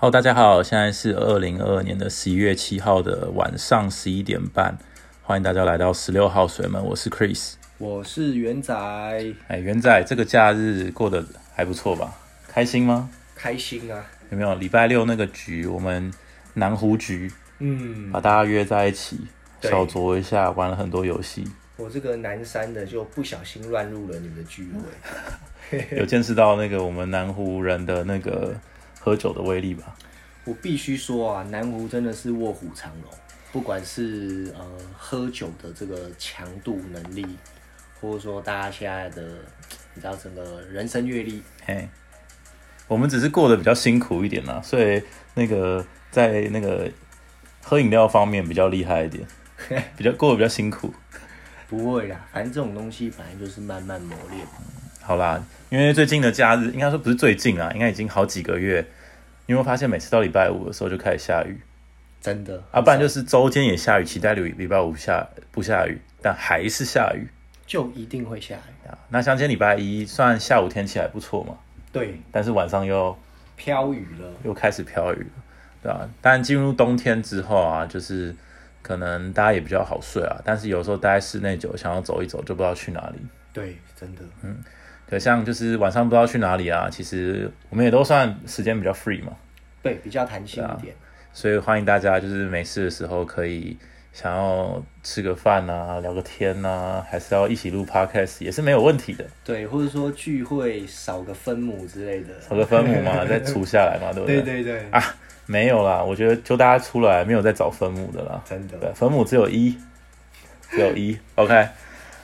好，Hello, 大家好，現在是二零二二年的十一月七號的晚上十一點半，歡迎大家來到十六號水門，我是 Chris，我是元仔，欸，元仔，這個假日過得還不錯吧？開心嗎？開心啊！有沒有禮拜六那個局？我們南湖局，嗯，把大家約在一起，小酌一下，對玩了很多遊戲。我這個南山的就不小心亂入了你們的聚會， 有見識到那個我們南湖人的那個。喝酒的威力吧，我必須說啊，南湖真的是臥虎藏龍，不管是呃喝酒的這個強度能力，或者說大家現在的，你知道整個人生閱歷，嘿，我們只是過得比較辛苦一點啦，所以那個在那個喝飲料方面比較厲害一點，嘿，比較過得比較辛苦， 不會啦，反正這種東西反正就是慢慢磨練，嗯，好啦。因為最近的假日，應該說不是最近啊，應該已經好幾個月。因為我發現每次到禮拜五的時候就開始下雨，真的啊，不然就是週間也下雨，嗯、期待禮拜五下不下雨，但還是下雨，就一定會下雨啊。那像今天禮拜一，算下午天氣還不錯嘛，對，但是晚上又飄雨了，又開始飄雨了，對啊。但進入冬天之後啊，就是可能大家也比較好睡啊，但是有時候待在室內久，想要走一走，就不知道去哪裡。對，真的，嗯。對，像就是晚上不知道去哪裡啊，其實我們也都算時間比較 free 嘛，對，比較彈性一點，啊，所以歡迎大家就是沒事的時候可以想要吃個飯吶，啊，聊個天吶，啊，還是要一起錄 podcast 也是沒有問題的，對，或者說聚會少個分母之類的，少個分母嘛， 再除下來嘛，對不對？對對對啊，沒有啦，我覺得就大家出來沒有再找分母的啦，真的對，分母只有一，只有一 ，OK，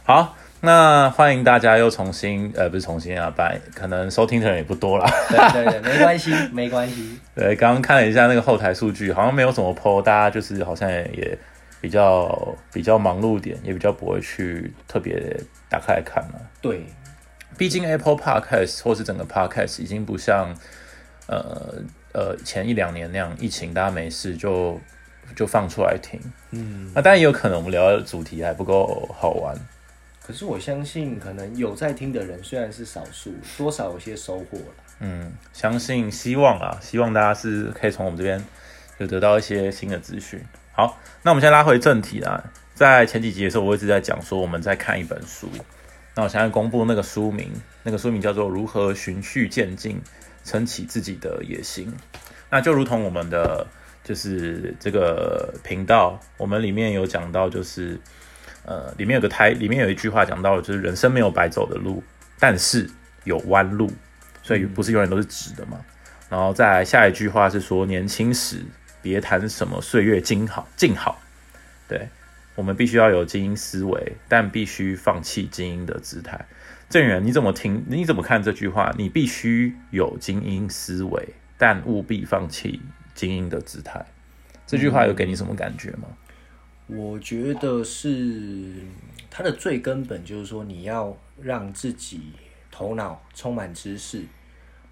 好。那歡迎大家又重新，呃，不是重新啊，拜，可能收聽的人也不多啦。對對對，沒關係，沒關係。 對，剛剛看了一下那個後台數據，好像沒有什麼 po，大家就是好像也，也比較比較忙碌點，也比較不會去特別打開來看嘛、啊。對，畢竟 Apple Podcast 或是整個 Podcast 已經不像呃呃前一兩年那樣，疫情大家沒事就就放出來聽。嗯，那當然也有可能我們聊的主題還不夠好玩。可是我相信，可能有在聽的人，雖然是少數，多少有些收穫。嗯，相信希望啊，希望大家是可以從我們這邊就得到一些新的資訊。好，那我們先拉回正題啊，在前幾集的時候，我一直在講說我們在看一本書，那我現在公布那個書名，那個書名叫做《如何循序漸進撐起自己的野心》。那就如同我們的就是這個頻道，我們裡面有講到就是。呃，裡面有個台，裡面有一句話講到，就是人生沒有白走的路，但是有彎路，所以不是永遠都是直的嘛。然後再來下一句話是說，年輕時別談什麼歲月靜好，靜好。對，我們必須要有精英思維，但必須放棄精英的姿態。鄭源，你怎麼聽？你怎麼看這句話？你必須有精英思維，但務必放棄精英的姿態。這句話有給你什麼感覺嗎？嗯我覺得是它的最根本，就是說你要讓自己頭腦充滿知識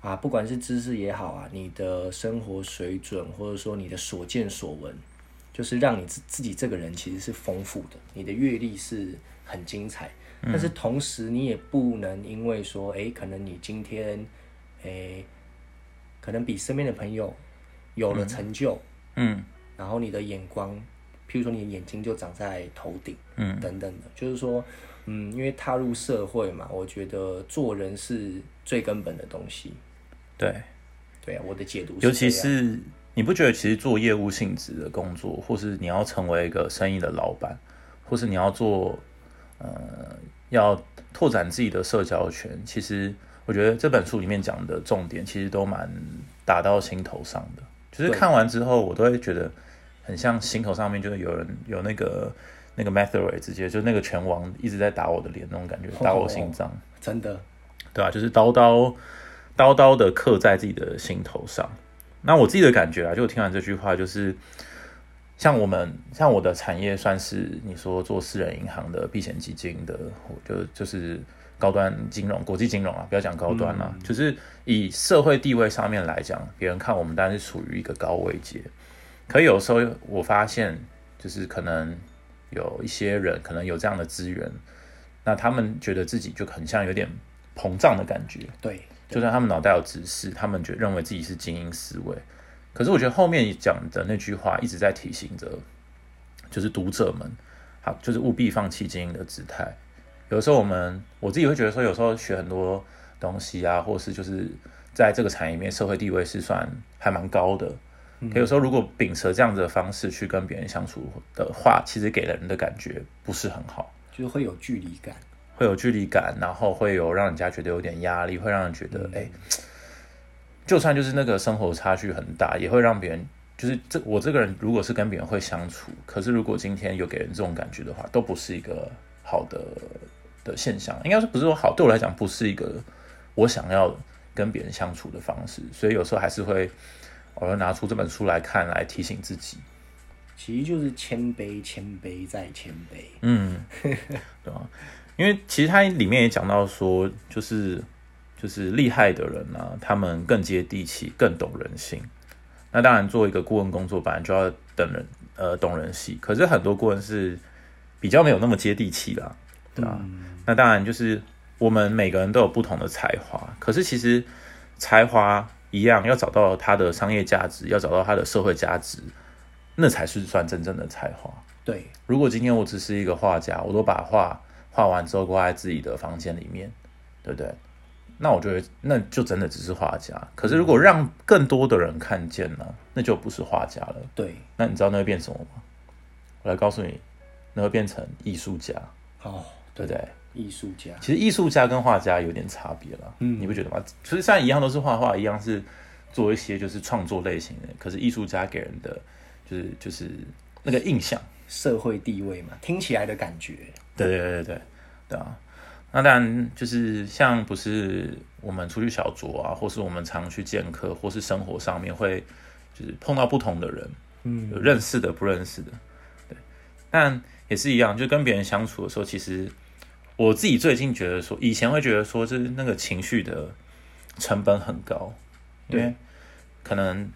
啊，不管是知識也好啊，你的生活水準，或者說你的所見所聞，就是讓你自自己這個人其實是豐富的，你的閱歷是很精彩。但是同時，你也不能因為說，哎，可能你今天，哎，可能比身邊的朋友有了成就，嗯，然後你的眼光。比如說，你的眼睛就長在頭頂，嗯，等等的，嗯，就是說，嗯，因為踏入社會嘛，我覺得做人是最根本的東西。對，對啊，我的解讀是。尤其是你不覺得，其實做業務性質的工作，或是你要成為一個生意的老闆，或是你要做，呃，要拓展自己的社交圈，其實我覺得這本書裡面講的重點，其實都蠻打到心頭上的。就是看完之後，我都會覺得。很像心頭上面就是有人有那個那個 Mathery 直接就那個拳王一直在打我的臉那種感覺，哦、打我心臟，真的對啊，就是刀刀刀刀的刻在自己的心頭上。那我自己的感覺啊，就我聽完這句話就是像我們像我的產業算是你說做私人銀行的避險基金的，我覺得就，就是高端金融國際金融啊，不要講高端啊，嗯、就是以社會地位上面來講，別人看我們當然是處於一個高位階。可以有時候我發現，就是可能有一些人可能有這樣的資源，那他們覺得自己就很像有點膨脹的感覺。對，對，就算他們腦袋有知識，他們覺認為自己是精英思維。可是我覺得後面講的那句話一直在提醒着，就是讀者們，好，就是務必放棄精英的姿態。有時候我們我自己會覺得說，有時候學很多東西啊，或是就是在這個產業裡面，社會地位是算還蠻高的。可有時候，如果秉持這樣子的方式去跟別人相處的話，其實給人的感覺不是很好，就是會有距離感，會有距離感，然後會有讓人家覺得有點壓力，會讓人覺得，哎、嗯欸，就算就是那個生活差距很大，也會讓別人，就是這我這個人，如果是跟別人會相處，可是如果今天有給人這種感覺的話，都不是一個好的的現象，應該是不是說好，對我來講，不是一個我想要跟別人相處的方式，所以有時候還是會。我要拿出這本書來看，來提醒自己。其實就是謙卑，謙卑再謙卑。卑嗯，對啊，因為其實他裡面也講到說，就是就是厲害的人呢、啊，他們更接地氣，更懂人性。那當然，做一個顧問工作，本來就要等人呃懂人性。可是很多顧問是比較沒有那麼接地氣啦，啊，對，啊嗯、那當然，就是我們每個人都有不同的才華。可是其實才華。一樣要找到他的商業價值，要找到他的社會價值，那才是算真正的才華。對，如果今天我只是一個畫家，我都把畫畫完之後掛在自己的房間裡面，對不對？那我覺得那就真的只是畫家。可是如果讓更多的人看見了，那就不是畫家了。對，那你知道那會變什麼嗎？我來告訴你，那會變成藝術家。哦，Oh. 對不對？藝術家，其實藝術家跟畫家有點差別了，嗯，你不覺得嗎？其實雖然一樣都是畫畫，一樣是做一些就是創作類型的，可是藝術家給人的就是就是那個印象、社會地位嘛，聽起來的感覺。對對對對對，對啊。那當然就是像不是我們出去小酌啊，或是我們常去見客，或是生活上面會就是碰到不同的人，嗯，有認識的、不認識的，對。但也是一樣，就跟別人相處的時候，其實。我自己最近覺得說，以前會覺得說，是那個情緒的成本很高，對，因為，可能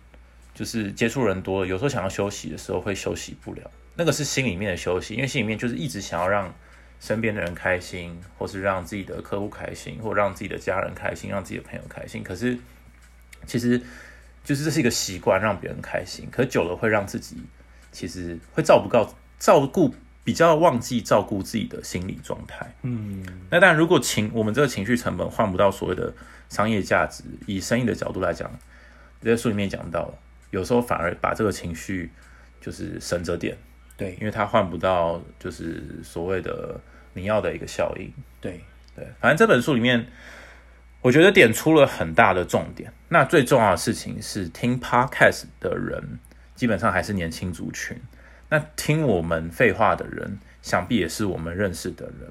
就是接觸人多了，有時候想要休息的時候會休息不了。那個是心裡面的休息，因為心裡面就是一直想要讓身邊的人開心，或是讓自己的客戶開心，或讓自己的家人開心，讓自己的朋友開心。可是，其實就是這是一個習慣，讓別人開心，可久了會讓自己其實會照顧不到，照顧不到。比較忘記照顧自己的心理狀態，嗯，嗯，嗯，那但如果情我們這個情緒成本換不到所謂的商業價值，以生意的角度來講，你在書裡面講到，有時候反而把這個情緒就是省着點，對，因為他換不到就是所謂的你要的一個效應，對對，反正這本書裡面，我覺得點出了很大的重點。那最重要的事情是，聽 Podcast 的人基本上還是年輕族群。那聽我們廢話的人，想必也是我們認識的人。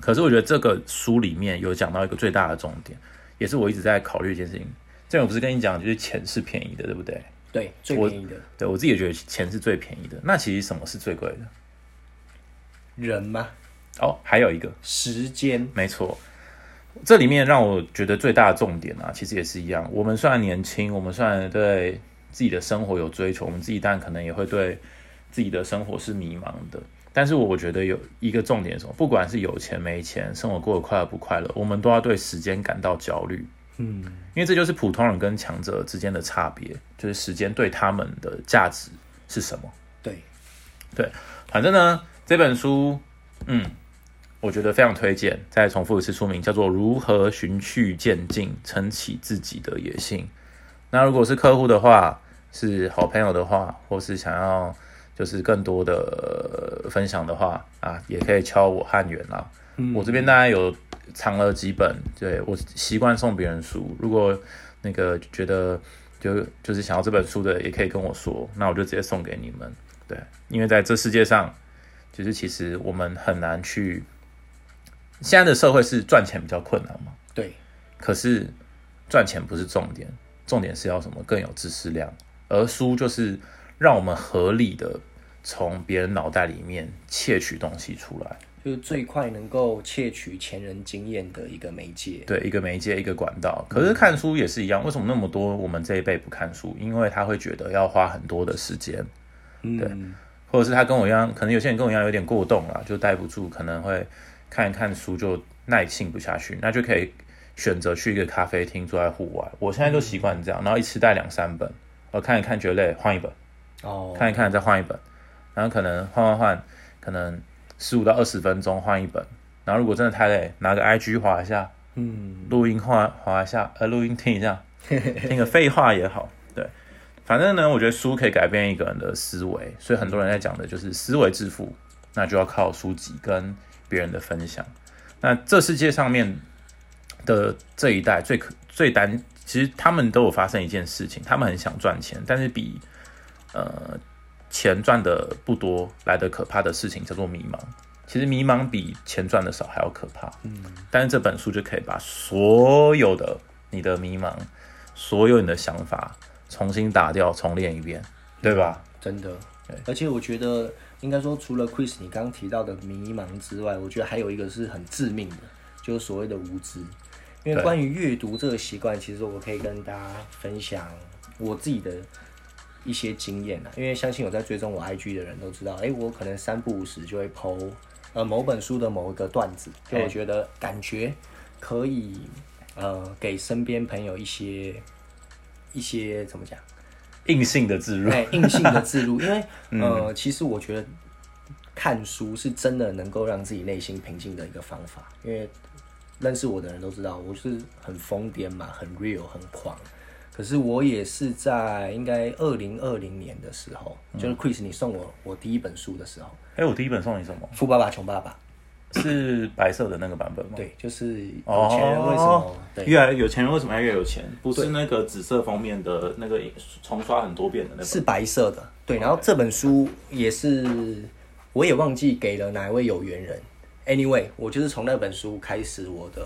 可是我覺得這個書裡面有講到一個最大的重點，也是我一直在考慮一件事情。既然我不是跟你講，就是錢是便宜的，對不對？對，最便宜的。我對我自己也覺得錢是最便宜的。那其實什麼是最貴的？人嗎？哦，還有一個時間。沒錯，這裡面讓我覺得最大的重點啊，其實也是一樣。我們雖然年輕，我們雖然對自己的生活有追求，我們自己，但可能也會對。自己的生活是迷茫的，但是，我覺得有一個重點是什麼？不管是有錢沒錢，生活過得快樂不快樂，我們都要對時間感到焦慮。嗯，因為這就是普通人跟強者之間的差別，就是時間對他們的價值是什麼？對，對，反正呢，這本書，嗯，我覺得非常推薦。再重複一次書名，叫做《如何循序漸進撐起自己的野心》。那如果是客戶的話，是好朋友的話，或是想要。就是更多的分享的話啊，也可以敲我漢元啦、啊。嗯、我這邊大概有藏了幾本，對，我習慣送別人書。如果那個覺得就就是想要這本書的，也可以跟我說，那我就直接送給你們。對，因為在這世界上，就是其實我們很難去。現在的社會是賺錢比較困難嘛，對，可是賺錢不是重點，重點是要什麼？更有知識量，而書就是。讓我們合理的從別人腦袋裡面竊取東西出來，就是最快能夠竊取前人經驗的一個媒介。對，一個媒介，一個管道。嗯、可是看書也是一樣，為什麼那麼多我們這一輩不看書？因為他會覺得要花很多的時間，嗯、對，或者是他跟我一樣，可能有些人跟我一樣有點過動了，就待不住，可能會看一看書就耐性不下去，那就可以選擇去一個咖啡廳坐在戶外。我現在就習慣這樣，然後一次帶兩三本，呃，看一看覺得累，換一本。哦，oh. 看一看再換一本，然後可能換換換，可能十五到二十分鐘換一本，然後如果真的太累，拿個 IG 滑一下，錄、hmm. 音換滑，滑一下，呃，錄音聽一下，聽個廢話也好，對，反正呢，我覺得書可以改變一個人的思維，所以很多人在講的就是思維致富，那就要靠書籍跟別人的分享。那這世界上面的這一代最可最單，其實他們都有發生一件事情，他們很想賺錢，但是比。呃，錢賺的不多，來的可怕的事情叫做迷茫。其實迷茫比錢賺的少還要可怕。嗯，但是這本書就可以把所有的你的迷茫，所有你的想法重新打掉，重練一遍，對吧？真的。對。而且我覺得，應該說，除了 Chris 你剛剛提到的迷茫之外，我覺得還有一個是很致命的，就是所謂的無知。因為關於閱讀這個習慣，對其實我可以跟大家分享我自己的。一些經驗啊，因為相信有在追蹤我 IG 的人都知道，哎、欸，我可能三不五時就會 po，呃，某本書的某一個段子，欸、就我覺得感覺可以，呃，給身邊朋友一些一些怎麼講、欸，硬性的置入，哎，硬性的置入，因為、嗯、呃，其實我覺得看書是真的能夠讓自己內心平靜的一個方法，因為認識我的人都知道我是很瘋癲嘛，很 real，很狂。可是我也是在應該二零二零年的時候，嗯、就是 Chris，你送我我第一本書的時候。哎、欸，我第一本送你什麼？《富爸爸窮爸爸，》 是白色的那個版本嗎？對，就是有錢人為什麼、哦、對越來有錢人為什麼還越有錢？對不是那個紫色封面的那個重刷很多遍的那個。是白色的，對。Okay. 然後這本書也是，我也忘記給了哪一位有緣人。Anyway，我就是從那本書開始我的。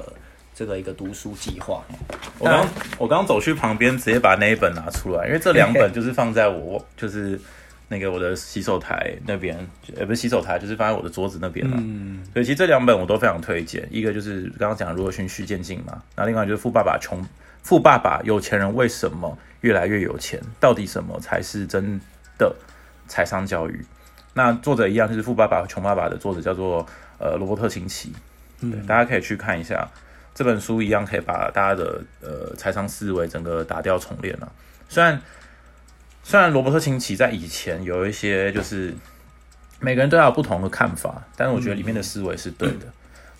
這個一個讀書計劃，我剛、呃、我剛走去旁邊，直接把那一本拿出來，因為這兩本就是放在我 就是那個我的洗手台那邊，也、欸、不是洗手台，就是放在我的桌子那邊了。嗯，所以其實這兩本我都非常推薦，一個就是剛剛講如何循序漸進嘛，那另外就是《富爸爸窮富爸爸》，有錢人為什麼越來越有錢？到底什麼才是真的財商教育？那作者一樣，就是《富爸爸》和《窮爸爸》的作者叫做呃羅伯特清崎，嗯、大家可以去看一下。這本書一樣可以把大家的呃財商思維整個打掉重練了、啊。雖然雖然羅伯特清崎在以前有一些就是每個人都有不同的看法，但是我覺得裡面的思維是對的。嗯、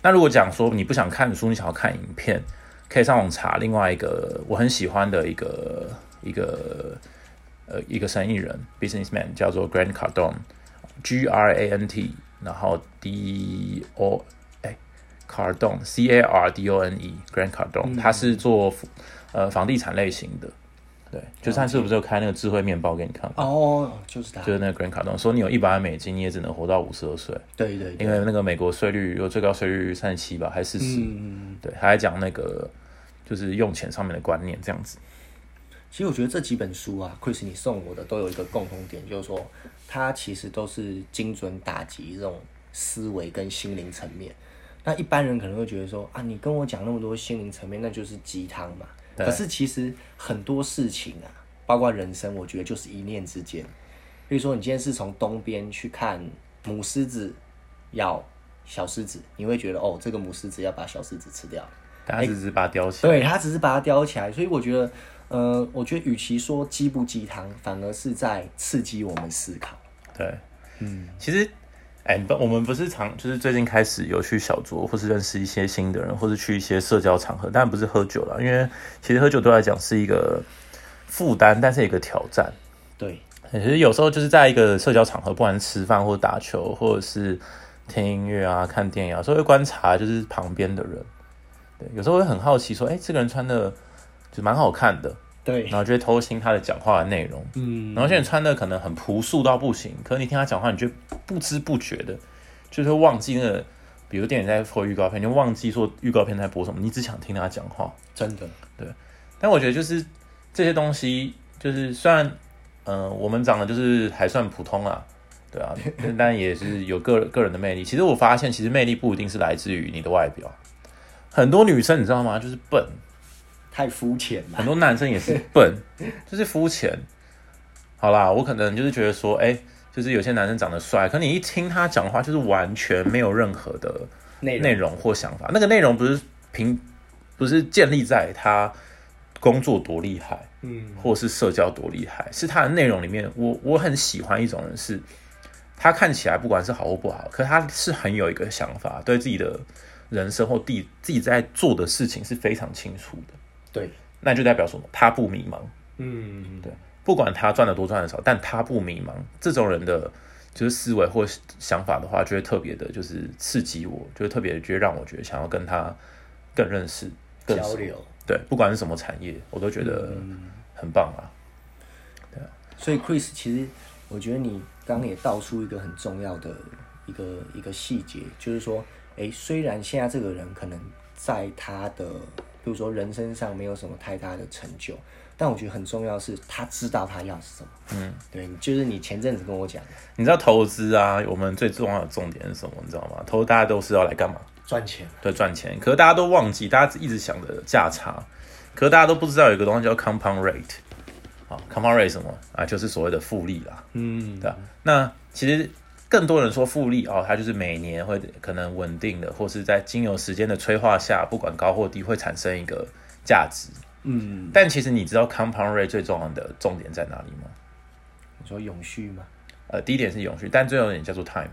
那如果講說你不想看書，你想要看影片，可以上網查另外一個我很喜歡的一個一個呃一個生意人 businessman 叫做 Grant Cardone，G-R-A-N-T，然後 D-O。O Cardone C A R D O N E Grand Cardone，他是做呃房地產類型的，對，就上次不是有開那個智慧麵包給你看嗎？哦，就是他，就是那個 Grand Cardone 說你有一百萬美金，你也只能活到五十二歲，對對，對因為那個美國稅率有最高稅率三十七吧，還是四十，嗯嗯，對，他在講那個就是用錢上面的觀念這樣子。其實我覺得這幾本書啊，Chris 你送我的都有一個共同點，就是說它其實都是精準打擊這種思維跟心靈層面。那一般人可能會覺得說啊，你跟我講那麼多心靈層面，那就是雞湯嘛。對可是其實很多事情啊，包括人生，我覺得就是一念之間。比如說，你今天是從東邊去看母獅子咬小獅子，你會覺得哦，這個母獅子要把小獅子吃掉，它只是把它叼起來。欸、對，它只是把它叼起來。所以我覺得，呃，我覺得與其說雞不雞湯，反而是在刺激我們思考。對，嗯，其實。哎，不、欸，我們不是常就是最近開始有去小酌，或是認識一些新的人，或是去一些社交場合，但不是喝酒了，因為其實喝酒都來講是一個負擔，但是一個挑戰。對，其實有時候就是在一個社交場合，不管是吃飯或者打球，或者是聽音樂啊、看電影啊，所以會觀察就是旁邊的人。對，有時候會很好奇說，哎、欸，這個人穿的就蠻好看的。對，然後就會偷聽他的講話的內容，嗯，然後現在穿的可能很樸素到不行，嗯、可是你聽他講話，你就不知不覺的，就是會忘記那個，比如電影在播預告片，你就忘記說預告片在播什麼，你只想聽他講話，真的，對，但我覺得就是這些東西，就是雖然，嗯、呃，我們講的就是還算普通啊，對啊， 但也是有個個人的魅力。其實我發現，其實魅力不一定是來自於你的外表，很多女生你知道嗎？就是笨。太膚淺了， 很多男生也是笨，就是膚淺。好啦，我可能就是覺得說，哎、欸，就是有些男生長得帥，可你一聽他講話，就是完全沒有任何的內容或想法。內容。那個內容不是憑，不是建立在他工作多厲害，或是社交多厲害，嗯、是他的內容裡面，我我很喜歡一種人，是他看起來不管是好或不好，可是他是很有一個想法，對自己的人生或自自己在做的事情是非常清楚的。對，那就代表什麼，他不迷茫。嗯，對，不管他賺的多賺的少，但他不迷茫。這種人的就是思維或想法的話，就會特別的，就是刺激我，就特別，就讓我覺得想要跟他更認識、更交流。對，不管是什麼產業，我都覺得很棒啊。嗯、對啊，所以 Chris，其實我覺得你剛剛也道出一個很重要的一個一個細節，就是說，哎、欸，雖然現在這個人可能在他的。比如說人生上沒有什麼太大的成就，但我覺得很重要是，他知道他要什麼。嗯，對，就是你前陣子跟我講，你知道投資啊，我們最重要的重點是什麼？你知道嗎？投資大家都是要來幹嘛？賺錢。對，賺錢。可是大家都忘記，大家一直想着價差，可是大家都不知道有一個東西叫 compound rate。哦，compound rate 什麼啊？就是所謂的複利啦。嗯，對吧？嗯，那其實。更多人說複利哦，它就是每年會可能穩定的，或是在經由時間的催化下，不管高或低，會產生一個價值。嗯，但其實你知道 compound rate 最重要的重點在哪裡嗎？你說永續嗎？呃，第一點是永續，但最後一點叫做 time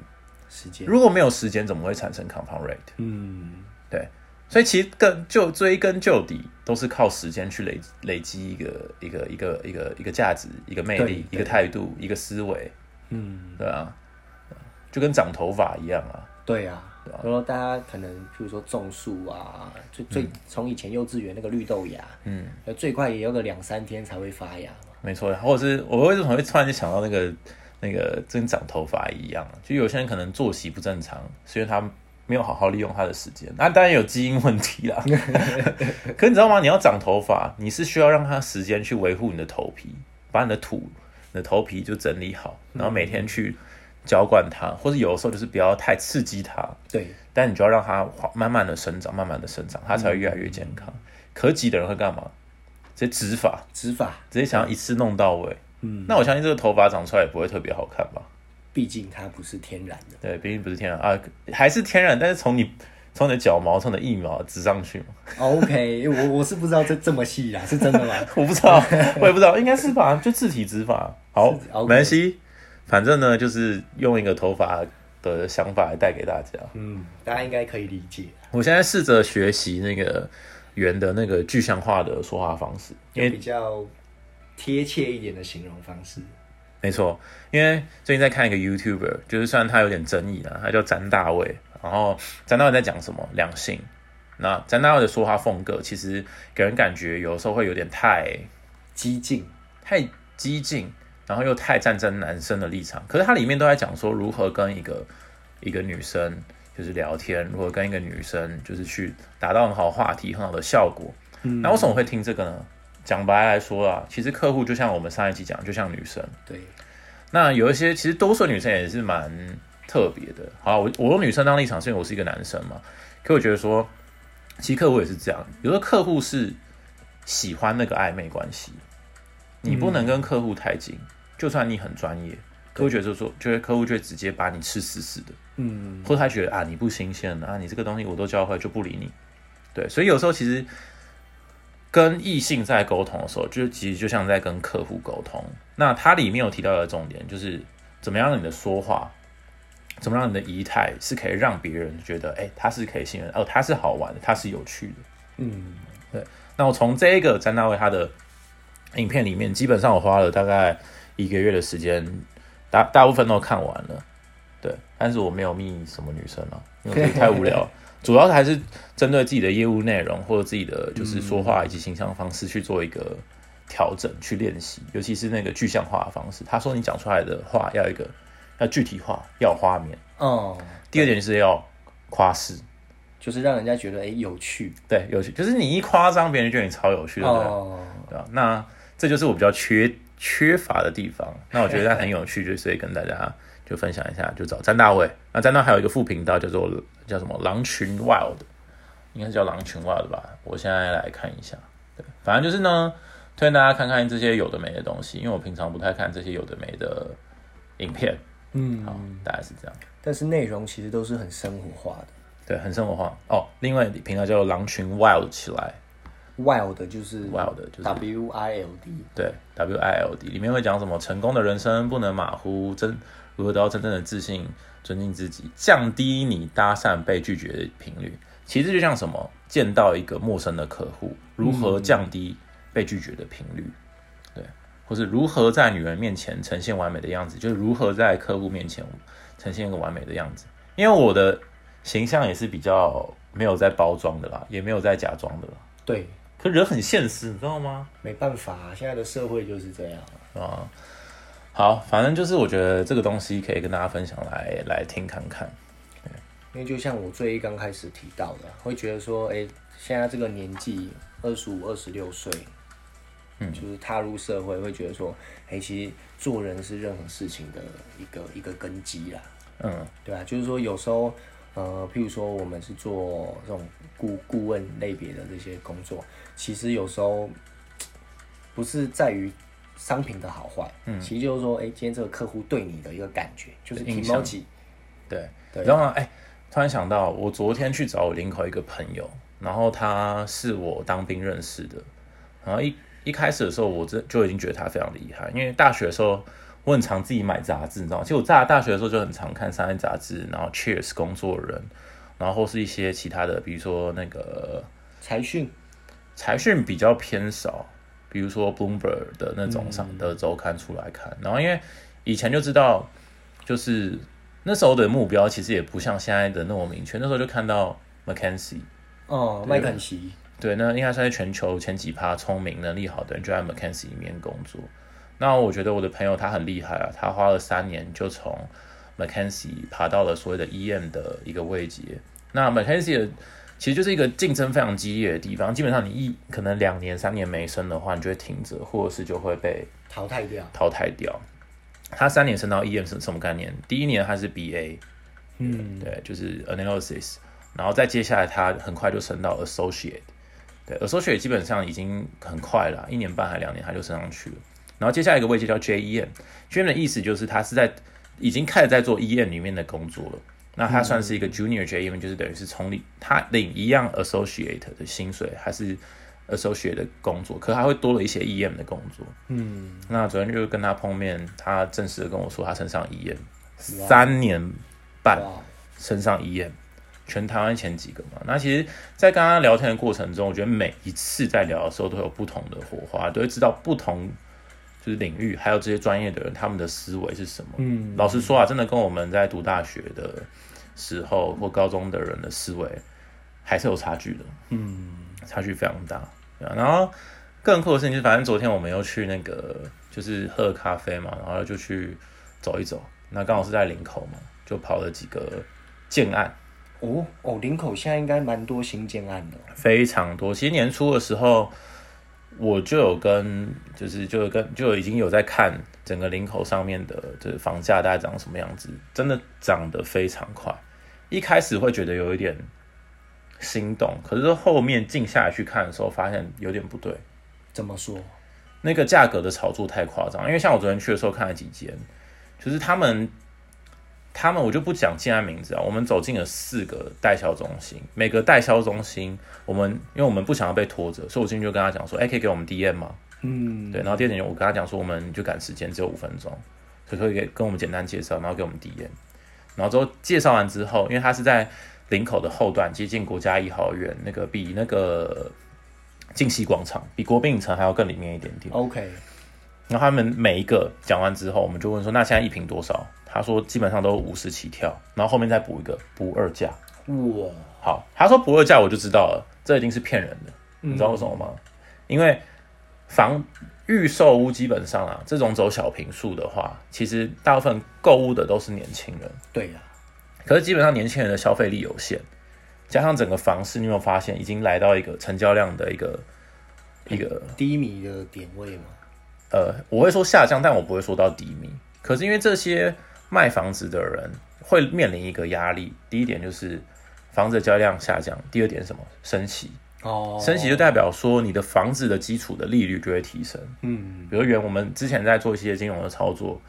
時間。如果沒有時間，怎麼會產生 compound rate？嗯，對。所以其實更就追根究底，都是靠時間去累累積一個一個一個一個一個價值、一個魅力、一個態度、一個思維。嗯，對啊。就跟長頭髮一樣啊！對呀，啊，說吧大家可能，譬如說種樹啊，最最從、嗯、以前幼稚園那個綠豆芽，嗯，最快也要個兩三天才會發芽嘛。沒錯，或者是我為什麼會突然就想到那個那個，真長頭髮一樣，就有些人可能作息不正常，所以他沒有好好利用他的時間。那、啊、當然有基因問題啦。 可你知道嗎？你要長頭髮，你是需要讓他時間去維護你的頭皮，把你的土、你的頭皮就整理好，然後每天去。嗯澆灌它，或者有的時候就是不要太刺激它。對，但你就要讓它慢慢的生長，慢慢的生長，它才會越來越健康。嗯、可急的人會幹嘛？直接植髮，植髮法，直接想要一次弄到位。嗯，那我相信這個頭髮長出來也不會特別好看吧？畢竟它不是天然的。對，畢竟不是天然啊，還是天然，但是從你從你的腳毛、從你的腋毛植上去嘛。OK，我我是不知道這 這麼細啊，是真的嗎？ 我不知道，我也不知道，應該是吧？ 就自體植髮，好，okay. 沒關係。反正呢，就是用一個頭髮的想法來帶給大家，嗯，大家應該可以理解。我現在試着學習那個原的那個具象化的說話方式，因為比較貼切一點的形容方式。沒錯，因為最近在看一個 YouTuber，就是雖然他有點爭議啊，他叫詹大衛。然後詹大衛在講什麼兩性？那詹大衛的說話風格其實給人感覺有時候會有點太激進進，太激進。然後又太站在男生的立場，可是它裡面都在講說如何跟一個一個女生就是聊天，如何跟一個女生就是去達到很好話題、很好的效果。那為什麼會聽這個呢？講白來說啊，其實客戶就像我們上一期講的，就像女生。對。那有一些其實多數女生也是蠻特別的。好，我我用女生當立場，是因為我是一個男生嘛。可我覺得說，其實客戶也是這樣，有的客戶是喜歡那個曖昧關係，你不能跟客戶太近。嗯就算你很專業，客戶覺得說，對就是客戶覺得直接把你吃死死的，嗯，或者他覺得啊，你不新鮮的啊，你這個東西我都教會就不理你，對，所以有時候其實跟異性在溝通的時候，就其實就像在跟客戶溝通。那他裡面有提到的重點，就是怎麼樣讓你的說話，怎麼樣讓你的儀態是可以讓別人覺得，哎、欸，他是可以信任，哦、呃，他是好玩的，他是有趣的，嗯，對。那我從這一個詹大衛他的影片裡面，基本上我花了大概。一個月的時間，大大部分都看完了，對，但是我沒有密什麼女生了，啊，因為太無聊。 主要還是針對自己的業務內容或者自己的就是說話以及形象方式去做一個調整，嗯，去練習，尤其是那個具象化的方式。他說你講出來的話要一個要具體化，要畫面。哦。第二點就是要誇飾，就是讓人家覺得誒、欸、有趣，對，有趣，就是你一誇張，別人就覺得你超有趣的，哦哦哦哦，對對。那這就是我比較缺。缺乏的地方，那我覺得它很有趣，就是跟大家就分享一下，就找張大衛。那張大衛還有一個副頻道叫做叫什麼狼群 wild，應該是叫狼群 wild 吧？我現在來看一下。對，反正就是呢，推薦大家看看這些有的沒的東西，因為我平常不太看這些有的沒的影片。嗯，好，大概是這樣。但是內容其實都是很生活化的，對，很生活化。哦，另外一頻道叫做狼群 wild 起來。Wild 就是 Wild 就是 W, Wild、就是、W I L D 對 W I L D 裡面會講什麼？成功的人生不能馬虎，真如何得到真正的自信、尊敬自己，降低你搭訕被拒絕的頻率。其實就像什麼，見到一個陌生的客戶，如何降低被拒絕的頻率？嗯、對，或是如何在女人面前呈現完美的樣子？就是如何在客戶面前呈現一個完美的樣子？因為我的形象也是比較沒有在包裝的啦，也沒有在假裝的啦，對。可人很現實，你知道嗎？沒辦法啊，現在的社會就是這樣啊。好，反正就是我覺得這個東西可以跟大家分享來來聽看看。因為就像我最剛開始提到的，會覺得說，誒，現在這個年紀，二十五、二十六歲，嗯，就是踏入社會，會覺得說，哎，其實做人是任何事情的一個一個根基啦。嗯，對啊，就是說有時候，呃，譬如說我們是做這種顧顧問類別的這些工作。其實有時候不是在於商品的好壞，嗯，其實就是說，哎、欸，今天這個客戶對你的一個感覺，嗯、就是 ogy, 對，印象。對，然後哎，突然想到，我昨天去找我林口一個朋友，然後他是我當兵認識的，然後一一開始的時候，我這就已經覺得他非常厲害，因為大學的時候，我很常自己買雜誌，你知道嗎？其實我在大，大學的時候就很常看商業雜誌，然後 Cheers 工作人，然後或是一些其他的，比如說那個財訊。財訊比較偏少，比如說 Bloomberg 的那種《上德週刊》出來看。嗯、然後因為以前就知道，就是那時候的目標其實也不像現在的那麼明確，那時候就看到 McKinsey，哦，麥肯錫，對，那應該算是全球前幾趴，聰明能力好的人就在 McKinsey 裡面工作。那我覺得我的朋友他很厲害啊，他花了三年就從 McKinsey 爬到了所謂的 E.M. 的一個位階。那 McKinsey。其實就是一個競爭非常激烈的地方。基本上你一可能兩年、三年沒升的話，你就會停着，或者是就會被淘汰掉。淘汰掉。他三年升到 EM 是什麼概念？第一年他是 BA，嗯，對，對，就是 analysis。然後再接下來，他很快就升到 associate。對，associate 基本上已經很快了，一年半還兩年他就升上去了。然後接下來一個位置叫 JEM，JEM 的意思就是他是在已經開始在做 EM 裡面的工作了。那他算是一個 junior JM，嗯、就是等於是從領他領一樣 associate 的薪水，還是 associate 的工作？可他會多了一些 EM 的工作。嗯，那昨天就跟他碰面，他正式的跟我說，他身上 EM 哇三年半，身上 EM 哇全台灣前幾個嘛。那其實，在跟他聊天的過程中，我覺得每一次在聊的時候都會有不同的火花，都會知道不同就是領域，還有這些專業的人他們的思維是什麼。嗯，老實說啊，真的跟我們在讀大學的。時候或高中的人的思維還是有差距的。嗯，差距非常大。啊、然後更酷的事情是，反正昨天我們又去那個，就是喝咖啡嘛，然後就去走一走。那剛好是在林口嘛，就跑了幾個建案。哦哦，林口現在應該蠻多新建案的。哦，非常多。其實年初的時候我就有跟，就是就跟就已經有在看整個林口上面的，就是房價大概漲什麼樣子，真的漲得非常快。一開始會覺得有一點心動，可是後面靜下來去看的時候，發現有點不對。怎麼說？那個價格的炒作太誇張。因為像我昨天去的時候看了幾間，就是他們，他們我就不講建案名字啊。我們走進了四個代銷中心，每個代銷中心，我們因為我們不想要被拖着，所以我進去就跟他講說：“哎、欸，可以給我們 D M 嗎？”嗯，對。然後第二點，我跟他講說：“我們就趕時間，只有五分鐘，所以可以跟我們簡單介紹，然後給我們 D M。然後之後介紹完之後，因為他是在林口的後段，接近國家一號院，那個比，比那個靜西廣場，比國賓影城還要更裡面一點點。OK。然後他們每一個講完之後，我們就問說：“那現在一瓶多少？”他說：“基本上都五十起跳，然後後面再補一個不二價。”哇！好，他說不二價，我就知道了，這一定是騙人的。你知道為什麼嗎？嗯、因為。房預售屋基本上啊，這種走小坪數的話，其實大部分購物的都是年輕人。對呀、啊，可是基本上年輕人的消費力有限，加上整個房市，你有沒有發現已經來到一個成交量的一個一個低迷的點位嗎？呃，我會說下降，但我不會說到低迷。可是因為這些賣房子的人會面臨一個壓力，第一點就是房子的交易量下降，第二點什麼？升息。Oh. 升息就代表說你的房子的基礎的利率就會提升。嗯，比如原我們之前在做一些金融的操作，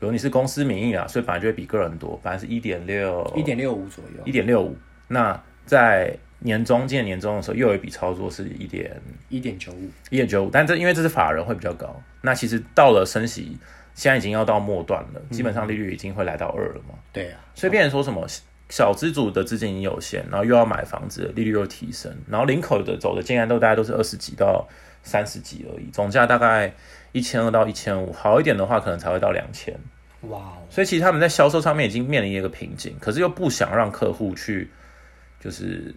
比如你是公司名義啊，所以反而就會比個人多，反而是一點六，一點六五左右，一點六五。那在年中、見年中的時候，又有一筆操作是一點一點九五，一點九五。95，但這因為這是法人會比較高。那其實到了升息，現在已經要到末段了，嗯、基本上利率已經會來到二了嘛？對、啊、所以變成說什麼。小資主的資金也有限，然後又要買房子，利率又提升，然後林口的走的建案都，大概都是二十幾到三十幾而已，總價大概一千二到一千五，好一點的話可能才會到兩千。哇，Wow. 所以其實他們在銷售上面已經面臨一個瓶頸，可是又不想讓客戶去，就是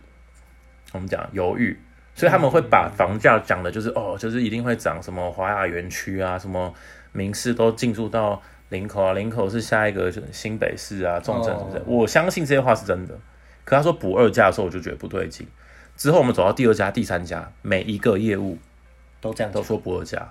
我們講猶豫，所以他們會把房價講的就是 哦，就是一定會漲，什麼華亞園區啊，什麼名仕都進駐到。林口啊，林口是下一個新北市啊，重鎮，是不是？Oh. 我相信這些話是真的，可他說不二價的時候，我就覺得不對勁。之後我們走到第二家、第三家，每一個業務都，都這樣都說不二價。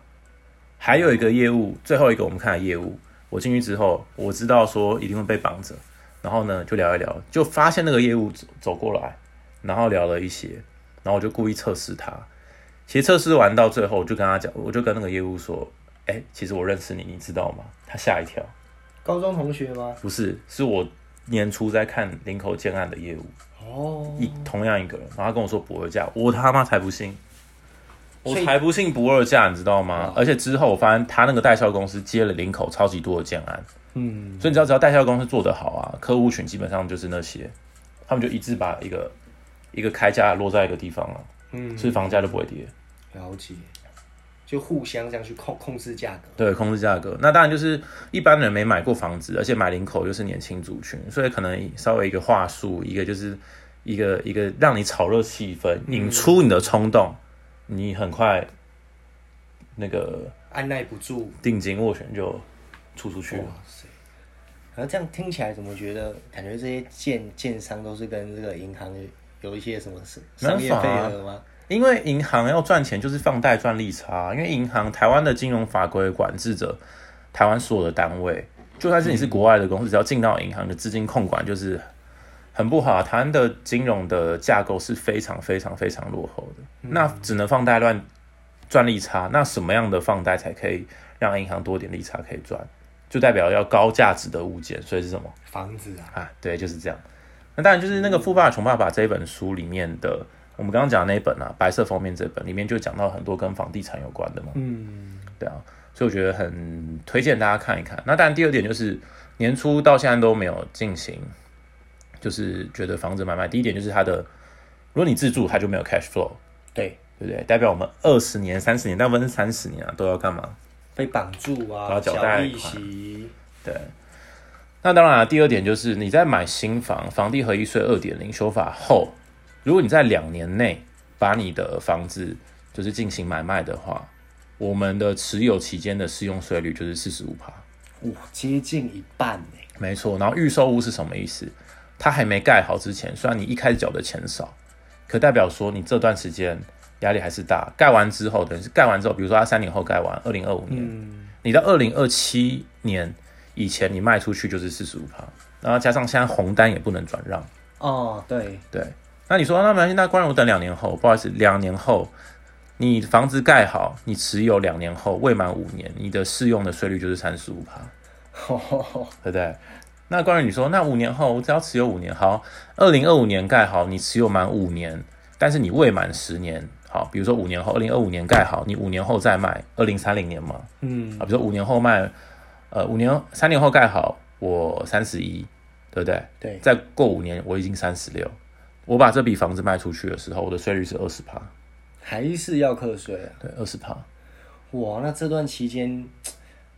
還有一個業務，最後一個我們看的業務，我進去之後，我知道說一定會被綁着，然後呢就聊一聊，就發現那個業務走走過來，然後聊了一些，然後我就故意測試他。其實測試完到最後，我就跟他講，我就跟那個業務說。哎、欸，其實我認識你，你知道嗎？他嚇一跳，高中同學嗎？不是，是我年初在看林口建案的業務哦，一同樣一個人，然後他跟我說不二價，我他媽才不信，所以...我才不信不二價，你知道嗎？哦、而且之後我發現他那個代銷公司接了林口超級多的建案。嗯，嗯，所以你知道，只要代銷公司做得好啊，客戶群基本上就是那些，他們就一致把一個一個開價落在一個地方了，啊，嗯，嗯，嗯，所以房價就不會跌，了解。就互相這樣去控控制價格，對，控制價格。那當然就是一般人沒買過房子，而且買林口又是年輕族群，所以可能稍微一個話術，一個就是，一個一個讓你炒熱氣氛，引出你的衝動，嗯、你很快那個按耐不住，定金斡旋就出出去了。而、oh, 啊、這樣聽起來怎麼覺得，感覺這些建建商都是跟這個銀行有一些什麼商業配合嗎？因為銀行要賺錢就是放貸賺利差，因為銀行台灣的金融法規管制着台灣所有的單位，就算是你是國外的公司，只要進到銀行的資金控管就是很不好。台灣的金融的架構是非常非常非常落後的，嗯、那只能放貸亂賺利差。那什麼樣的放貸才可以讓銀行多點利差可以賺？就代表要高價值的物件，所以是什麼房子啊？啊，對，就是這樣。那當然就是那個《富爸爸窮爸爸》這本書裡面的。我們剛剛講的那本啊，白色封面這本裡面就講到很多跟房地產有關的嘛。嗯，對啊，所以我覺得很推薦大家看一看。那當然，第二點就是年初到現在都沒有進行，就是覺得房子買賣。第一點就是它的，如果你自住，它就沒有 cash flow，對對不對？代表我們二十年、三十年，大部分是三十年啊，都要幹嘛？被綁住啊，繳貸款。對。那當然啊，第二點就是你在買新房，房地合一稅二點零修法後。如果你在兩年內把你的房子就是進行買賣的話，我們的持有期間的適用稅率就是四十五趴。哇，接近一半哎、欸。沒錯，然後預售屋是什麼意思？它還沒蓋好之前，雖然你一開始繳的錢少，可代表說你這段時間壓力還是大。蓋完之後，等於是蓋完之後，比如說它三年後蓋完，二零二五年，嗯、你到二零二七年以前你賣出去就是四十五趴，然後加上現在紅單也不能轉讓。哦，對對。那你說，那沒關係。那關於我等兩年後，不好意思，兩年後你房子蓋好，你持有兩年後未滿五年，你的適用的稅率就是三十五趴，oh. 對不對？那關於你說，那五年後我只要持有五年，好，二零二五年蓋好，你持有滿五年，但是你未滿十年，好，比如說五年後二零二五年蓋好，你五年後再賣二零三零年嘛，嗯，啊，比如說五年後賣，呃，五年三年後蓋好，我三十一，對不對？對，再過五年我已經三十六。我把這筆房子賣出去的時候，我的稅率是二十趴，還是要課稅啊？對，二十趴。哇，那這段期間，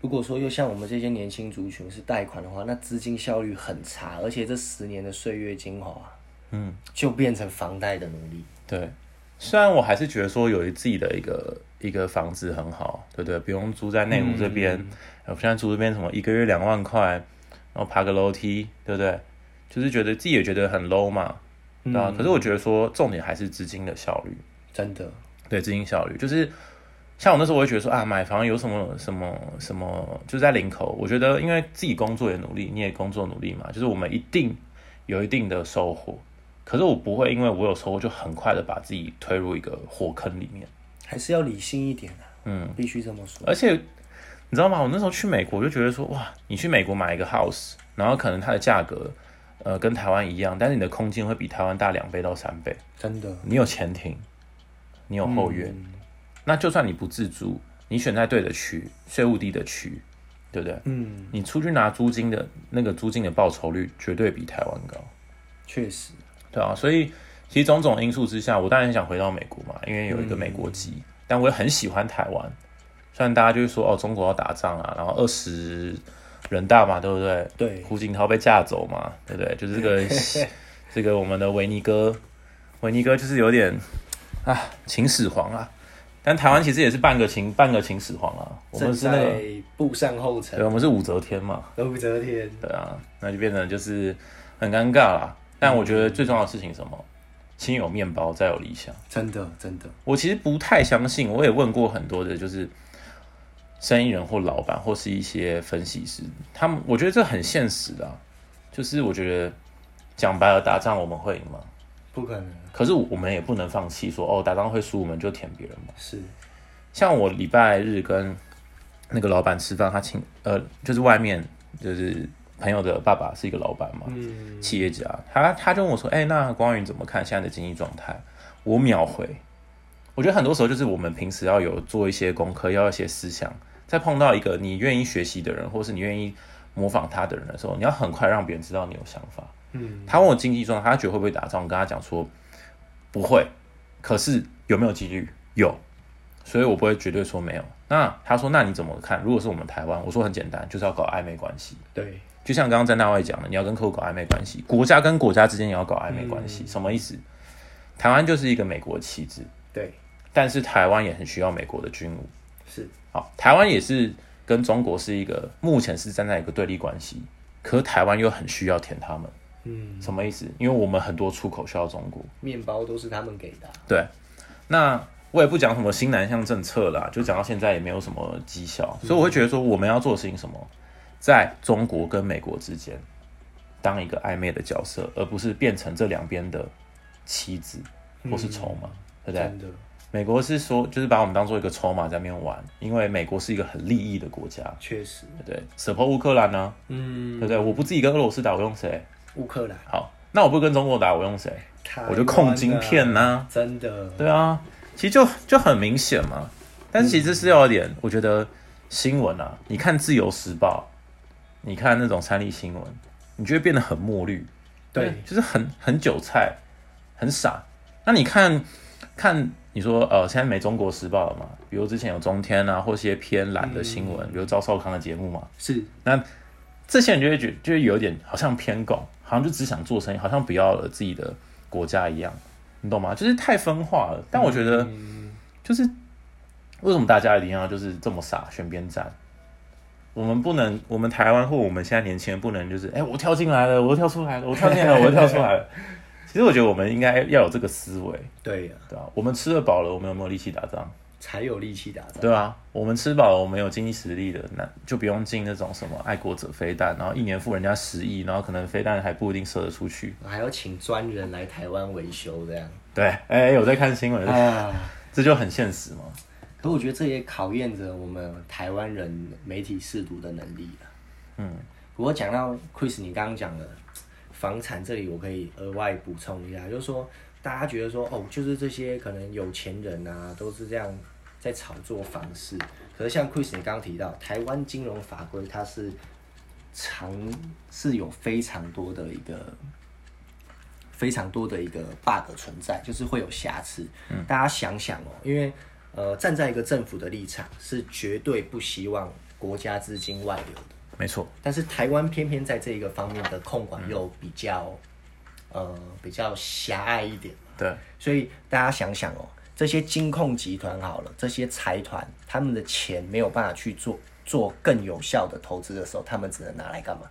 如果說又像我們這些年輕族群是貸款的話，那資金效率很差，而且這十年的歲月精華啊，嗯，就變成房貸的奴隸。對，雖然我還是覺得說有一自己的一個一個房子很好，對不對？不用租在內湖這邊，嗯、像租這邊什麼一個月兩萬塊，然後爬個樓梯，對不對？就是覺得自己也覺得很 low 嘛。對啊，嗯、可是我覺得說重點還是資金的效率，真的，對資金效率就是，像我那時候，我會覺得說啊，買房有什麼什麼什麼，就是，在林口，我覺得因為自己工作也努力，你也工作努力嘛，就是我們一定有一定的收穫。可是我不會因為我有收穫，就很快的把自己推入一個火坑裡面，還是要理性一點，啊、嗯，必須這麼說。而且你知道嗎？我那時候去美國，我就覺得說，哇，你去美國買一個 house，然後可能它的價格。呃，跟台灣一樣，但是你的空間會比台灣大兩倍到三倍，真的。你有前庭，你有後院，嗯、那就算你不自住，你選在對的區，稅務低的區，對不對？嗯。你出去拿租金的那個租金的報酬率，絕對比台灣高。確實。對啊，所以其實種種因素之下，我當然很想回到美國嘛，因為有一個美國籍，嗯、但我也很喜歡台灣。雖然大家就是說，哦，中國要打仗啊，然後二十。人大嘛，對不對？對。胡錦濤被架走嘛，對不對？就是這個， 這個我們的維尼哥，維尼哥就是有點啊，秦始皇啊。但台灣其實也是半個秦，半個秦始皇啊。我們是，正在步上後塵。對，我們是武則天嘛。武則天。對啊，那就變成就是很尷尬啦。但我覺得最重要的事情什麼？先、嗯、有面包，再有理想。真的，真的。我其實不太相信，我也問過很多的，就是。生意人或老闆，或是一些分析師，他們我覺得這很現實的、啊，就是我覺得講白了，打仗我們會贏嗎？不可能。可是我們也不能放棄說，說哦打仗會輸我們就舔別人嗎？是。像我禮拜日跟那個老闆吃飯，他請呃就是外面就是朋友的爸爸是一個老闆嘛，嗯、企業家，他他就問我說，哎那光宇怎麼看現在的經濟狀態？我秒回，我覺得很多時候就是我們平時要有做一些功課，要一些思想。在碰到一個你願意學習的人，或是你願意模仿他的人的時候，你要很快讓別人知道你有想法。嗯，他問我經濟狀況，他覺得會不會打仗？我跟他講說不會，可是有沒有幾率？有，所以我不會絕對說沒有。那他說那你怎麼看？如果是我們台灣，我說很簡單，就是要搞曖昧關係。對，就像剛剛在那位講的，你要跟客戶搞曖昧關係，國家跟國家之間也要搞曖昧關係，嗯、什麼意思？台灣就是一個美國的棋子。對，但是台灣也很需要美國的軍務。是，好，台灣也是跟中國是一個目前是站在一個對立關係，可是台灣又很需要舔他們，嗯，什麼意思？因為我們很多出口需要中國，麵包都是他們給的、啊。對，那我也不講什麼新南向政策啦，就講到現在也沒有什麼績效，嗯、所以我會覺得說我們要做的事情什麼，在中國跟美國之間當一個曖昧的角色，而不是變成這兩邊的棋子或是籌碼，嗯、對不對？美國是說，就是把我們當做一個籌碼在那邊玩，因為美國是一個很利益的國家，確實，對，對，support 烏克蘭呢、啊，嗯，對不對？我不自己跟俄羅斯打，我用誰？烏克蘭。好，那我不跟中國打，我用誰？啊、我就控晶片呢、啊，真的。對啊，其實就就很明顯嘛。但是其實是要一點，嗯、我覺得新聞啊，你看《自由時報》，你看那種三立新聞，你就會變得很墨綠。對，對，就是很很韭菜，很傻。那你看看。你說呃，現在沒中國時報了嘛？比如之前有中天啊，或一些偏藍的新聞，嗯、比如趙少康的節目嘛。是，那這些人就會覺，得就有點好像偏共，好像就只想做生意，好像不要了自己的國家一樣，你懂嗎？就是太分化了。但我覺得，就是為什麼大家一定要就是這麼傻，選邊站？我們不能，我們台灣或我們現在年輕人不能，就是哎、欸，我跳進來了，我跳出來了，我跳進來了，我跳出來了。 其實我覺得我們應該要有這個思維，對呀，對啊,對啊我們吃了飽了，我們有沒有力氣打仗？才有力氣打仗，對啊。我們吃飽了，我們有經濟實力的。那就不用進那種什麼愛國者飛彈，然後一年付人家十億，然後可能飛彈還不一定射得出去，還要請專人來台灣維修，這樣。對，哎、欸，我在看新聞，啊、 這就很現實嘛。可我覺得這也考驗着我們台灣人媒體識讀的能力了。嗯，不過講到 Chris，你剛剛講的。房產這裡我可以額外補充一下，就是說，大家覺得說哦，就是這些可能有錢人啊，都是這樣在炒作房市，可是像 Chris 你剛剛提到，台灣金融法規它是常是有非常多的一個，非常多的一個 bug 存在，就是會有瑕疵。嗯、大家想想哦，因為呃，站在一個政府的立場，是絕對不希望國家資金外流的。沒錯，但是台灣偏偏在這一個方面的控管又比較，嗯、呃，比較狹隘一點。對，所以大家想想哦，這些金控集團好了，這些財團他們的錢沒有辦法去做做更有效的投資的時候，他們只能拿來幹嘛？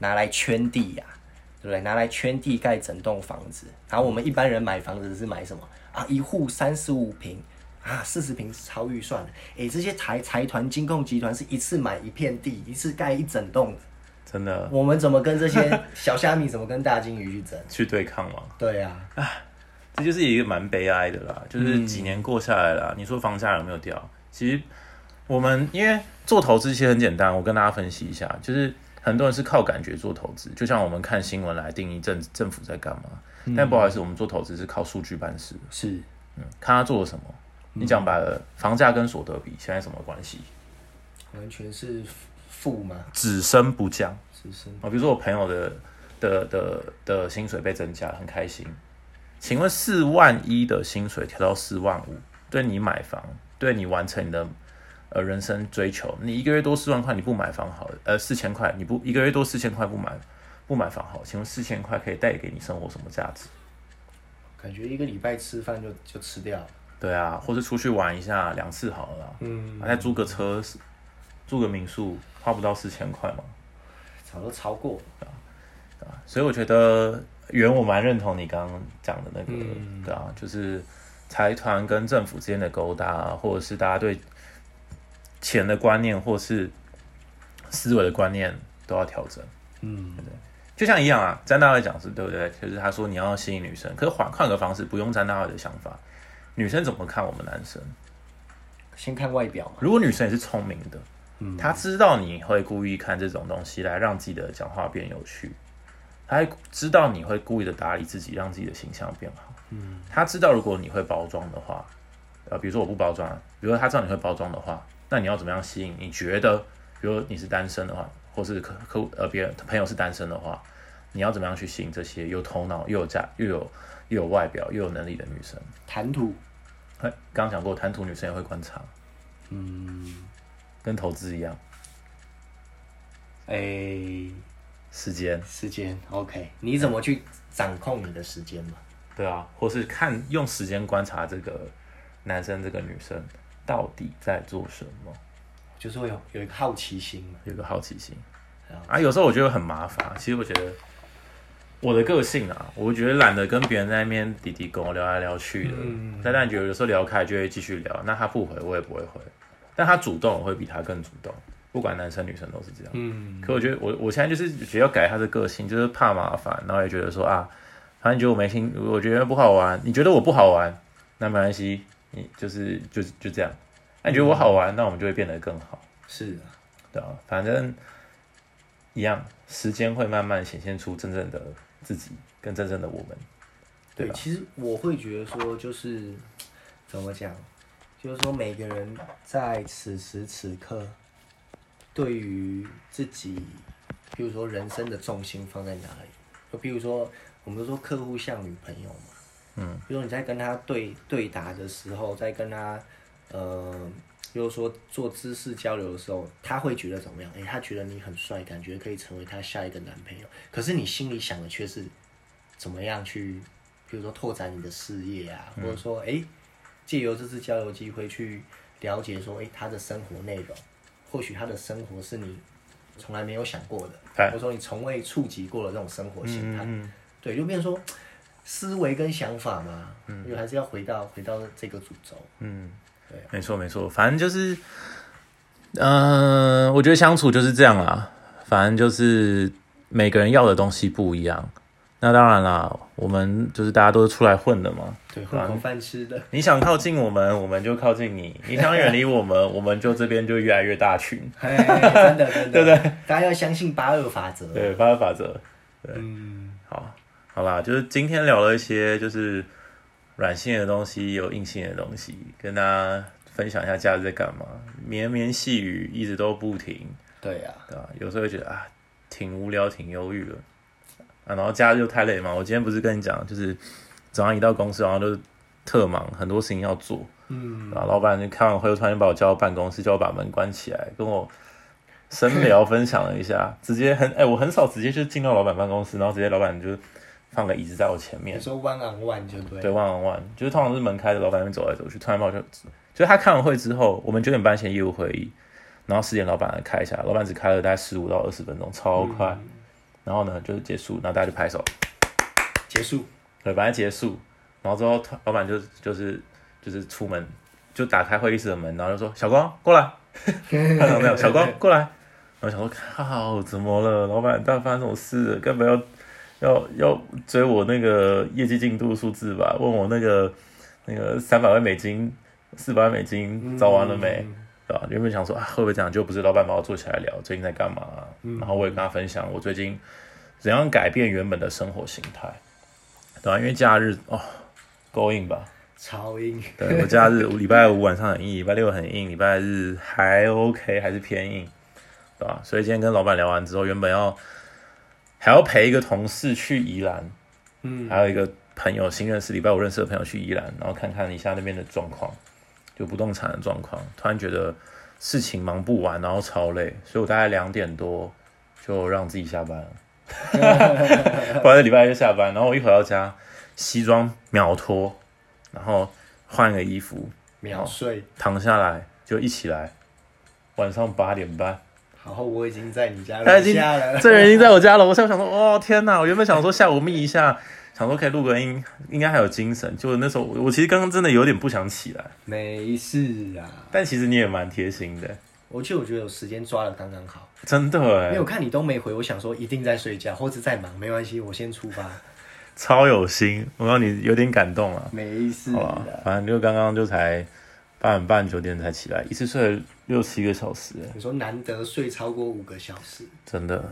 拿來圈地呀、啊，對不對？拿來圈地蓋整棟房子。然後我們一般人買房子是買什麼啊？一戶三十五坪。啊，四十平是超預算的。哎、欸，這些財財團、金控集團是一次買一片地，一次蓋一整棟的，真的。我們怎麼跟這些小蝦米， 怎麼跟大鯨魚去整，去對抗嗎？對呀、啊，啊，這就是一個蠻悲哀的啦。就是幾年過下來啦，嗯、你說房價有沒有掉？其實我們因為做投資其實很簡單，我跟大家分析一下，就是很多人是靠感覺做投資，就像我們看新聞來定義政政府在幹嘛。嗯、但不好意思，我們做投資是靠數據辦事，是嗯，看他做了什麼。你講白了，房價跟所得比現在什麼關係？完全是負嗎？只升不降，只升。比如說我朋友的的的的、的薪水被增加，很開心。請問四萬一的薪水調到四萬五，對你買房，對你完成你的呃人生追求，你一個月多四萬塊，你不買房好了？呃，四千塊你不一個月多四千塊不買不買房好？請問四千塊可以帶給你生活什麼價值？感覺一個禮拜吃飯就就吃掉了。對啊，或者出去玩一下兩次好了，嗯、啊，再租個車，住個民宿，花不到四千塊嘛，差不多超過，對啊，所以我覺得，原我蠻認同你剛剛講的那個，嗯、對啊，就是財團跟政府之間的勾搭，或者是大家對錢的觀念，或者是思維的觀念都要調整，嗯，對，對，就像一樣啊，詹大衛講是，對不對？就是他說你要吸引女生，可是換換個方式，不用詹大衛的想法。女生怎麼看我們男生？先看外表嘛。如果女生也是聰明的，嗯，她知道你會故意看這種東西來讓自己的講話變有趣，她還知道你會故意的打理自己，讓自己的形象變好，嗯，她知道如果你會包裝的話，呃，比如說我不包裝，比如說她知道你會包裝的話，那你要怎麼樣吸引你？你覺得，比如說你是單身的話，或是客客呃別人朋友是單身的話，你要怎麼樣去吸引這些有頭腦又有價又有又有外表又有能力的女生？談吐。哎，剛，剛講過，談吐女生也會觀察，嗯，跟投資一樣。哎誒，時間，時間，OK，你怎麼去掌控你的時間嘛？對啊，或是看用時間觀察這個男生、這個女生到底在做什麼，就是有有一、有一個好奇心，有一個好奇心。啊，有時候我覺得很麻煩，其實我覺得。我的個性啊，我覺得懶得跟別人在那邊嘀嘀跟我聊來聊去的，嗯、但但覺得有時候聊開就會繼續聊，那他不回我也不會回，但他主動我會比他更主動，不管男生女生都是這樣。嗯，可我覺得我我現在就是覺得要改他的個性，就是怕麻煩，然後也覺得說啊，反正你覺得我沒聽，我覺得不好玩，你覺得我不好玩，那沒關係，你就是就就這樣。那、啊、你覺得我好玩，那我們就會變得更好。是的、對啊，反正一樣，時間會慢慢顯現出真正的。自己跟真正的我們，對，對，其實我會覺得說，就是怎麼講，就是說，每個人在此時此刻，對於自己，比如說人生的重心放在哪裡，就比如說我們說客戶像女朋友嘛，嗯，比如說你在跟他對對打的時候，在跟他呃。就是說，做知識交流的時候，他會覺得怎麼樣？誒、欸，他覺得你很帥，感覺可以成為他下一個男朋友。可是你心裡想的卻是怎麼樣去，比如說拓展你的事業啊，嗯、或者說，誒、欸，借由這次交流機會去了解說，誒、欸，他的生活內容，或許他的生活是你從來沒有想過的，哎、或者說你從未觸及過的這種生活形態。嗯嗯嗯對，就變成說思維跟想法嘛，因為、嗯、還是要回到回到這個主軸。嗯。沒錯，沒錯，反正就是，嗯、呃，我覺得相處就是這樣啦。反正就是每個人要的東西不一樣。那當然啦，我們就是大家都是出來混的嘛，對，混口飯吃的。你想靠近我們，我們就靠近你；你想遠離我們， 我們就這邊就越來越大群。 Hey, hey, hey, 真的，真的，對對。大家要相信八二法則。對，八二法則。對，嗯，好，好啦，就是今天聊了一些，就是。軟性的東西有硬性的東西，跟大家分享一下家在幹嘛。綿綿細雨一直都不停。對呀、啊啊，有時候會覺得啊，挺無聊，挺憂鬱的、啊。然後家就太累嘛。我今天不是跟你講，就是早上一到公司，然後就特忙，很多事情要做。嗯。然後老闆就開完會，突然把我叫到辦公室，叫我把門關起來，跟我深聊 分享了一下。直接很哎、欸，我很少直接就進到老闆辦公室，然後直接老闆就。放個椅子在我前面。你說 one on one 就對。對，one on one，就是通常是門開着，老闆那邊走來走去。突然，冒就，就他看完會之後，我們九點半前業務會議，然後十點老闆開一下，老闆只開了大概十五到二十分鐘，超快。嗯、然後呢，就是結束，然後大家就拍手，結束。對，本來結束，然後之後，老闆就就是就是出門，就打開會議室的門，然後就說：“小光過來，看到沒有？小光過來。”然後想說靠，怎麼了？老闆但發生這種事，根本要？要要追我那個業績進度數字吧？問我那個那個三百萬美金，四百萬美金找完了沒？嗯、對吧？原本想說，啊、會不會這樣，就不是老闆把我坐起來聊，最近在幹嘛，啊？嗯、然後我也跟他分享我最近怎樣改變原本的生活形態，對吧？因為假日哦，夠硬吧？超硬。對，我假日，禮拜五晚上很硬，禮拜六很硬，禮拜日還 OK，還是偏硬，對吧？所以今天跟老闆聊完之後，原本要。還要陪一個同事去宜蘭，嗯，還有一個朋友新認識，禮拜五認識的朋友去宜蘭，然後看看一下那邊的狀況，就不動產的狀況。突然覺得事情忙不完，然後超累，所以我大概兩點多就讓自己下班了，不然禮拜一就下班，然後我一回到家，西裝秒脫，然後換個衣服秒睡，躺下來就一起來，晚上八點半。然後我已經在你家了，他已經這人已經在我家了。我現在我想說，哦天哪！我原本想說下午眯一下， 想說可以錄個音，應該還有精神。就那時候，我其實剛剛真的有點不想起來。沒事啊。但其實你也蠻貼心的，其實我，我覺得有時間抓得剛剛好。真的。因為我看你都沒回，我想說一定在睡覺或者在忙，沒關係，我先出發。超有心，我讓你有點感動啊，沒事啊、哦。反正就剛剛就才。八點半，半九點才起來，一次睡了六七個小時。你說難得睡超過五個小時，真的。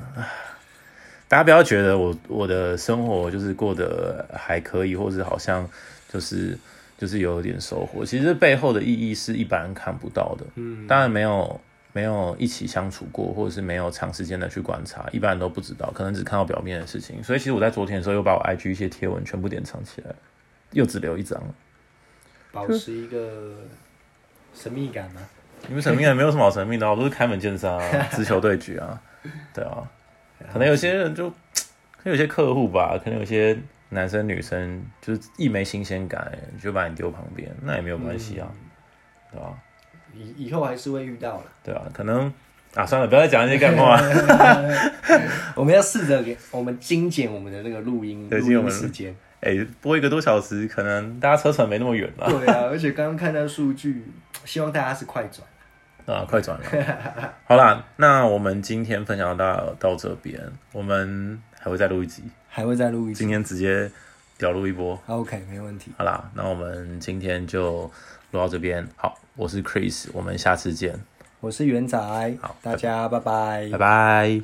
大家不要覺得我我的生活就是過得還可以，或者好像就是就是有點收穫。其實背後的意義是一般人看不到的。嗯、當然沒有沒有一起相處過，或者是沒有長時間的去觀察，一般人都不知道，可能只看到表面的事情。所以其實我在昨天的時候，又把我 IG 一些貼文全部典藏起來，又只留一張，保持一個。 神秘感嗎？你們神秘感沒有什麼好神秘的、啊，我、就、都是開門見山啊， 直球對局啊，對啊，可能有些人就，是可能有些客戶吧，可能有些男生女生就是一沒新鮮感、欸、就把你丟旁邊，那也沒有關係啊，嗯、對吧、啊？以以後還是會遇到了。對啊，可能啊，算了，不要再講那些幹話。 我們要試着給，我們精簡我們的那個錄音錄對音時間，哎、欸，播一個多小時，可能大家車程沒那麼遠吧。對啊，而且剛剛看到數據。 希望大家是快轉啊，快轉了。好啦，那我們今天分享到到這邊，我們還會再錄一集，還會再錄一集，今天直接屌錄一波。OK，沒問題。好啦，那我們今天就錄到這邊。好，我是 Chris，我們下次見。我是元仔，好，大家拜拜，拜拜。